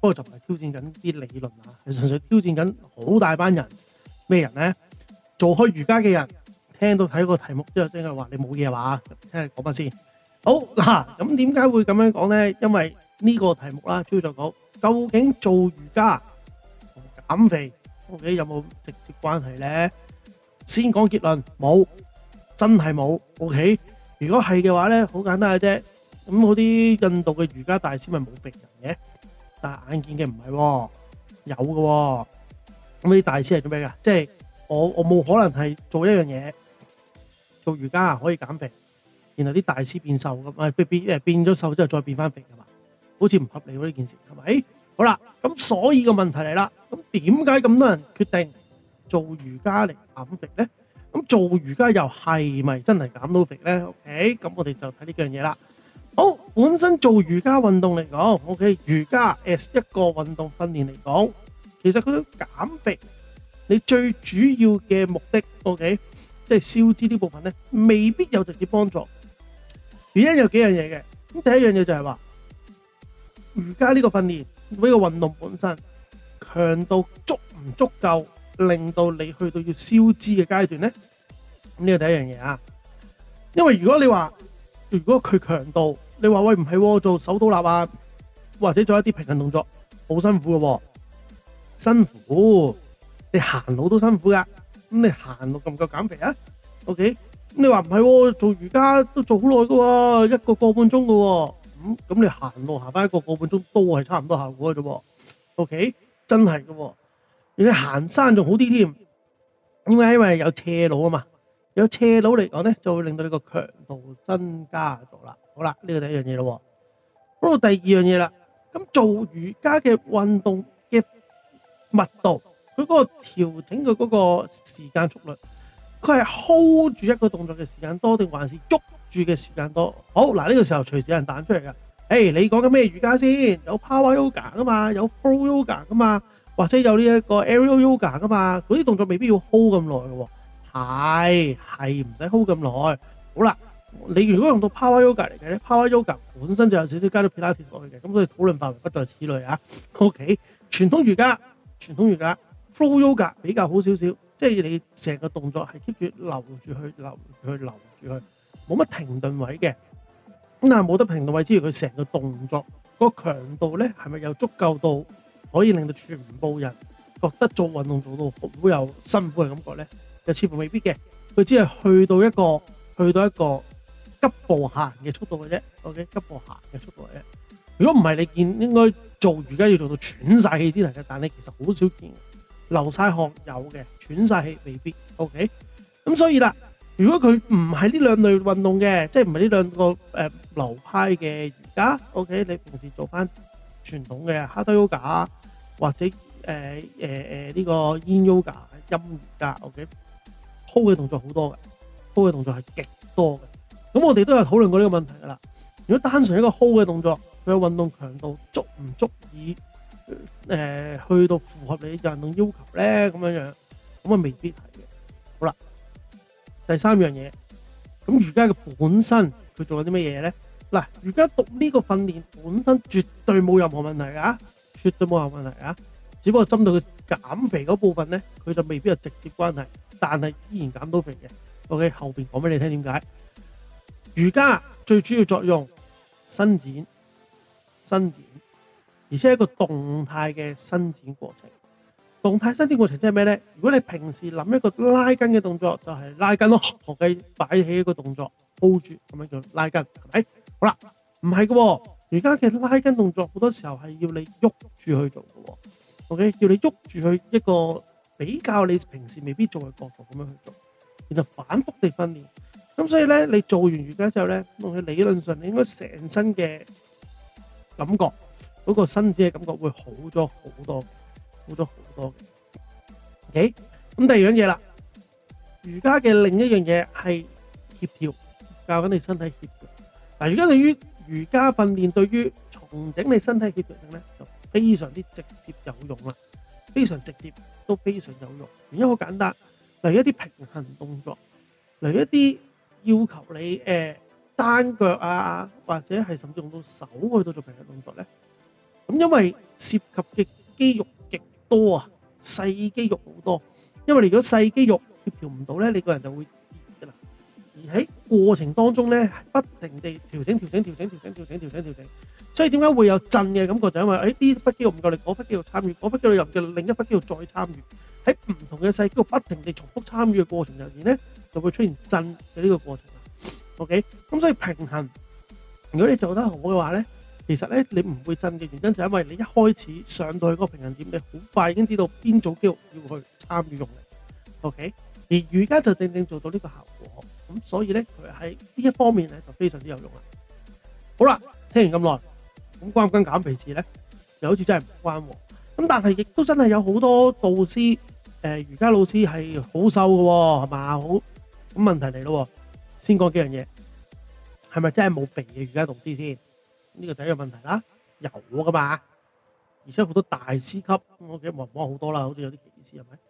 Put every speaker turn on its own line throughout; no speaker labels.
不過就係挑戰緊啲理論啊！係純粹挑戰緊好大班人，咩人咧？做開瑜伽嘅人，聽到睇個題目之後，即係話你冇嘢係嘛？聽你講翻先。好嗱，咁點解會咁樣講咧？因為呢個題目啦，主要就講究竟做瑜伽同減肥 O.K. 有冇直接關係咧？先講結論，冇，真係冇。O.K. 如果係嘅話咧，好簡單嘅啫。咁嗰啲印度嘅瑜伽大師咪冇逼人嘅。但眼見嘅唔係喎，有嘅喎、哦。咁啲大師係做咩噶？即係我我冇可能係做一樣嘢做瑜伽可以減肥，然後啲大師變瘦咁，唔係變變咗瘦之後再變翻肥㗎嘛？好似唔合理呢件事係咪？好啦，咁所以個問題嚟啦。咁點解咁多人決定做瑜伽嚟減肥咧？咁做瑜伽又係咪真係減到肥咧？OK，咁我哋就睇呢幾樣嘢啦。好，本身做瑜伽運動嚟講，O K，瑜伽 as 一個運動訓練嚟講，其實佢減肥，你最主要嘅目的，O K，即係消脂呢部分咧，未必有直接幫助。原因有幾樣嘢嘅，咁第一樣嘢就係話，瑜伽呢個訓練，呢個運動本身強度足唔足夠，令到你去到要消脂嘅階段咧，咁呢個第一樣嘢啊。因為如果你話，如果佢強度，你話喂唔係做手倒立啊，或者做一啲平衡動作，好辛苦嘅，辛苦。你行路都辛苦噶，咁你行路夠唔夠減肥啊？OK，咁你話唔係做瑜伽都做好耐嘅，一個個半鐘嘅，咁咁你行路行翻一個個半鐘都係差唔多效果嘅啫。OK，真係嘅，而且行山仲好啲添，點解？因為有斜路啊嘛，有斜路嚟講咧，就會令到你個強度增加咗啦。好啦，呢個第一樣嘢咯，嗰度第二樣嘢啦。咁做瑜伽嘅運動嘅密度，佢嗰個調整佢嗰個時間速率，佢係 hold 住一個動作嘅時間多定還是郁住嘅時間多？好嗱，呢個時候隨時有人彈出嚟噶。誒，你講緊咩瑜伽先？有 Power Yoga 噶嘛，有 flow Yoga 噶嘛，或者有呢一個 Aerial Yoga 噶嘛？嗰啲動作未必要 hold 咁耐嘅，係係唔使 hold 咁耐。好啦。你如果用到 power yoga 嚟嘅咧，power yoga 本身就有少少加咗 Pilates 落去嘅，咁所以討論範圍不在此類啊。O.K. 傳統瑜伽、傳統瑜伽 flow yoga 比較好少少，即係你成個動作係 keep 住留住去留住去留住去，冇乜停頓位嘅。咁但係冇得停頓位之餘，佢成個動作個強度咧係咪又足夠到可以令到全部人覺得做運動做到好有辛苦嘅感覺咧？就似乎未必嘅，佢只係去到一個去到一個。急步行嘅速度嘅啫，OK，急步行嘅速度嘅啫。如果唔係，你見應該做瑜伽要做到喘晒氣先得嘅，但係其實好少見流晒汗有嘅，喘晒氣未必。OK，咁所以啦，如果佢唔係呢兩類運動嘅，即係唔係呢兩個誒流派嘅瑜伽，OK，你平時做翻傳統嘅哈達瑜伽或者誒誒誒呢個陰瑜伽、陰瑜伽，OK，hold 嘅動作好多嘅，hold 嘅動作係極多嘅。咁我哋都有討論過呢個問題噶啦。如果單純一個 hold 嘅動作，佢嘅運動強度足唔足以誒、呃、去到符合你嘅運動要求咧？咁樣樣咁啊，就未必係嘅。好啦，第三樣嘢，咁瑜伽嘅本身佢做緊啲咩嘢咧？嗱，瑜伽讀呢個訓練本身絕對冇任何問題㗎、啊，絕對冇任何問題啊。只不過針對佢減肥嗰部分咧，佢就未必有直接關係，但係依然減到肥嘅。OK，後邊講俾你聽點解。瑜伽最主要作用伸展、伸展，而且係一個動態嘅伸展過程。動態伸展過程即係咩咧？如果你平時諗一個拉筋嘅動作，就係、係、拉筋咯，同佢擺起一個動作，hold 住咁樣叫拉筋，係咪？好啦，唔係嘅，瑜伽嘅拉筋動作好多時候係要你喐住去做嘅、哦。OK，叫你喐住去一個比較你平時未必做嘅角度咁樣去做，然後反覆地訓練咁所以咧，你做完瑜伽之後咧，咁佢理論上你應該成身嘅感覺，嗰個身子嘅感覺會好咗好多，好咗好多嘅。O K，咁第二樣嘢啦，瑜伽嘅另一樣嘢係協調，教緊你身體協調。嗱，而家對於瑜伽訓練，對於重整你身體協調性咧，就非常之直接有用啦，非常直接，都非常有用。原因好簡單，例如一啲平衡動作，
例如一啲，
要求你誒單腳啊，或者係甚至用到手去到做平衡動作咧，咁因為涉及嘅肌肉極多啊，細肌肉好多，因為如果細肌肉協調唔到咧，你個人就會跌噶啦。而喺過程當中咧，不停地調整、調整、調整、調整、調整、調整、調整，所以點解會有震嘅感覺？就因為誒，呢、哎、筆肌肉唔夠力，嗰筆肌肉參與，嗰筆肌肉又唔夠另一筆肌肉再參與，喺唔同嘅細肌肉不停地重複參與嘅過程入面咧，就會出現震嘅呢個過程。OK，咁所以平衡，如果你做得好嘅話咧，其實咧你唔會震嘅原因就係、因為你一開始上到去嗰個平衡點，你好快已經知道邊組肌肉要去參與用力。OK。而瑜伽就正正做到呢個效果，咁所以咧佢喺呢一方面咧就非常之有用啦。好啦，聽完咁耐，咁關唔關減肥事咧？又好似真係唔關喎。咁但係亦都真係有好多導師，誒、呃，瑜伽老師係好瘦嘅、哦，係嘛？好，咁問題嚟咯。先講幾樣嘢，係咪真係冇肥嘅瑜伽導師先？呢、這個第一個問題啦，有噶嘛？而且好多大師級，我記得摸唔摸好多啦，好似有啲歧視，係咪？是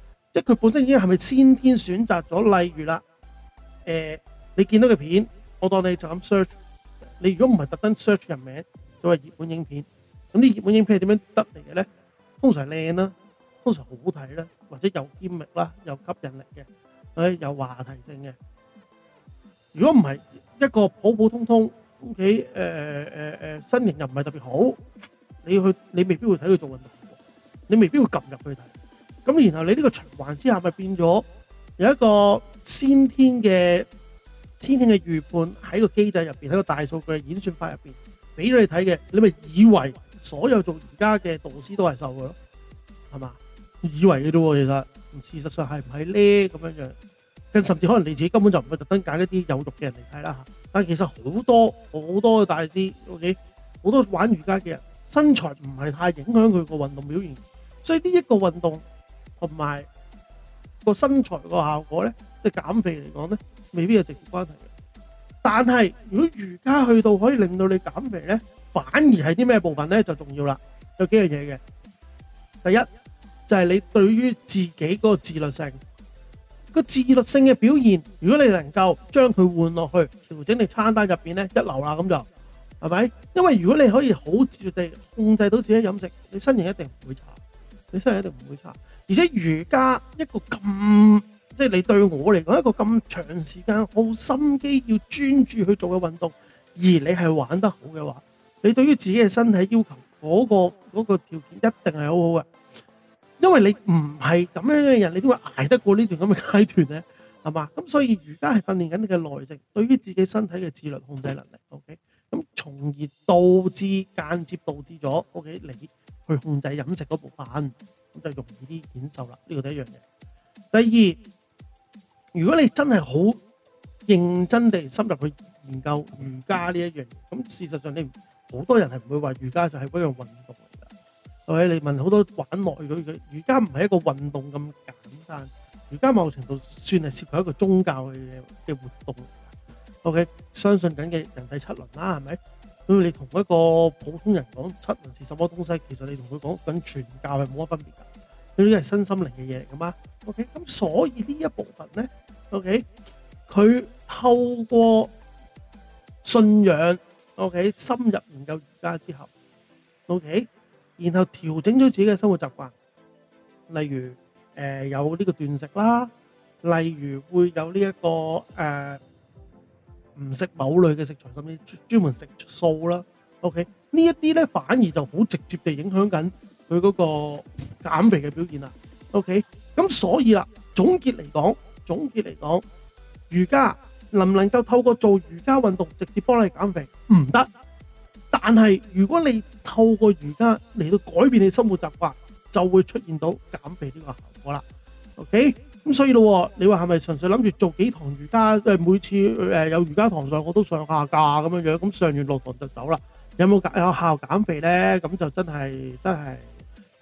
即係佢本身已經係咪先天選擇咗？例如啦，誒，你見到嘅片，我當你就咁 search。你如果唔係特登 search 人名，就係熱門影片，咁啲熱門影片係點樣得嚟嘅咧？通常靚啦，通常好睇啦，或者有兼力啦，有吸引力嘅，誒，有話題性嘅。如果唔係一個普普通通，屋企誒誒誒，身形又唔係特別好，你去你未必會睇佢做運動，你未必會撳入去睇。咁，然後你呢個循環之下，咪變咗有一個先天嘅先天嘅預判喺個機制入面，喺個大數據演算法入邊俾咗你睇嘅，你咪以為所有做瑜伽嘅導師都係瘦嘅，咯，係嘛？以為嘅啫、啊，其實事實上係唔係咧咁樣樣，甚至可能你自己根本就唔會特登揀一啲有毒嘅人嚟睇啦。但係其實好多好多嘅大師，okay? 好多玩瑜伽嘅人身材唔係太影響佢個運動表現，所以呢一個運動。同埋個身材個效果咧，即係減肥嚟講咧，未必有直接關係嘅。但係如果瑜伽去到可以令到你減肥咧，反而係啲咩部分咧就重要啦。有幾樣嘢嘅，第一就係你對於自己個自律性，個自律性嘅表現，如果你能夠將佢換落去調整你餐單入邊咧，一流啦咁就係咪？因為如果你可以好自律地控制到自己飲食，你身形一定唔會。你身體一定唔會差，而且瑜伽一個咁，即、就、係、是、你對我嚟講一個咁長時間、好心機要專注去做嘅運動，而你係玩得好嘅話，你對於自己嘅身體要求嗰、那個嗰、那個條件一定係好好嘅，因為你唔係咁樣嘅人，你點會捱得過這段這的段呢段咁嘅階段咧？係嘛？咁所以瑜伽係訓練緊你嘅耐性，對於自己身體嘅自律控制能力。OK，咁從而導致間接導致咗 OK 你。去控制飲食嗰部分，咁就容易啲減瘦啦。呢個第一樣嘢。第二，如果你真係好認真地深入去研究瑜伽呢一樣嘢，咁事實上你好多人係唔會話瑜伽就係嗰樣運動嚟噶，係咪？你問好多玩內嗰瑜伽唔係一個運動咁簡單，瑜伽某程度算係涉及一個宗教嘅嘅活動嚟㗎。O K，相信緊嘅人體七輪啦，係咪？你同一個普通人講七文是什麼東西，其實你同佢講緊傳教係冇乜分別噶，佢呢個係身心靈嘅嘢嚟噶嘛？O K，咁所以呢一部分咧，O K，佢透過信仰，O K，深入研究瑜伽之後，O K，然後調整咗自己嘅生活習慣，例如誒有呢個斷食啦，例如會有呢一個誒。唔食某類嘅食材，甚至專門食素啦。OK，呢一啲咧反而就好直接地影響緊佢嗰個減肥嘅表現啦。OK，咁所以啦，總結嚟講，總結嚟講，瑜伽能唔能夠透過做瑜伽運動直接幫你減肥？唔得。但係如果你透過瑜伽嚟到改變你生活習慣，就會出現到減肥呢個效果啦。O.K. 咁所以咯，你話係咪純粹諗住做幾堂瑜伽，誒每次誒有瑜伽堂上我都上下架，咁樣樣，咁上完落堂就走啦。有冇減有效減肥咧？咁就真係真係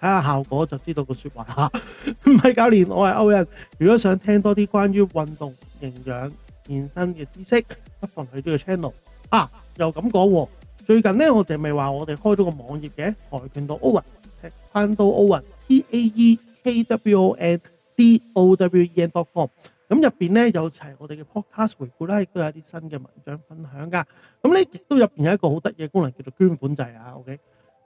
睇下效果就知道個説話吓。唔係教練。我係 Owen。如果想聽多啲關於運動、營養、健身嘅知識，不妨去啲個 channel 啊。又咁講喎，最近咧我哋咪話我哋開咗個網頁嘅跆拳道 Owen、踢潘刀 Owen、T A E K W O N。dowen.com，咁入邊咧有齊我哋嘅 podcast 回顧啦，亦都有啲新嘅文章分享噶。咁咧亦都入邊有一個好得意嘅功能叫做捐款制啊。OK，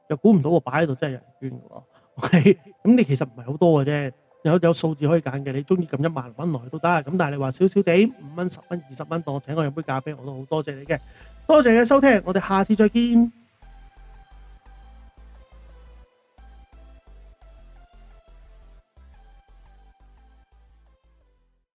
又估唔到我擺喺度真係有人捐㗎喎。OK，咁你其實唔係好多嘅，啫，有有數字可以揀嘅，你中意撳一萬蚊落去都得。咁但係你話少少地五蚊、十蚊、二十蚊，當我請我飲杯咖啡，我都好多謝你嘅。多謝你嘅收聽，我哋下次再見。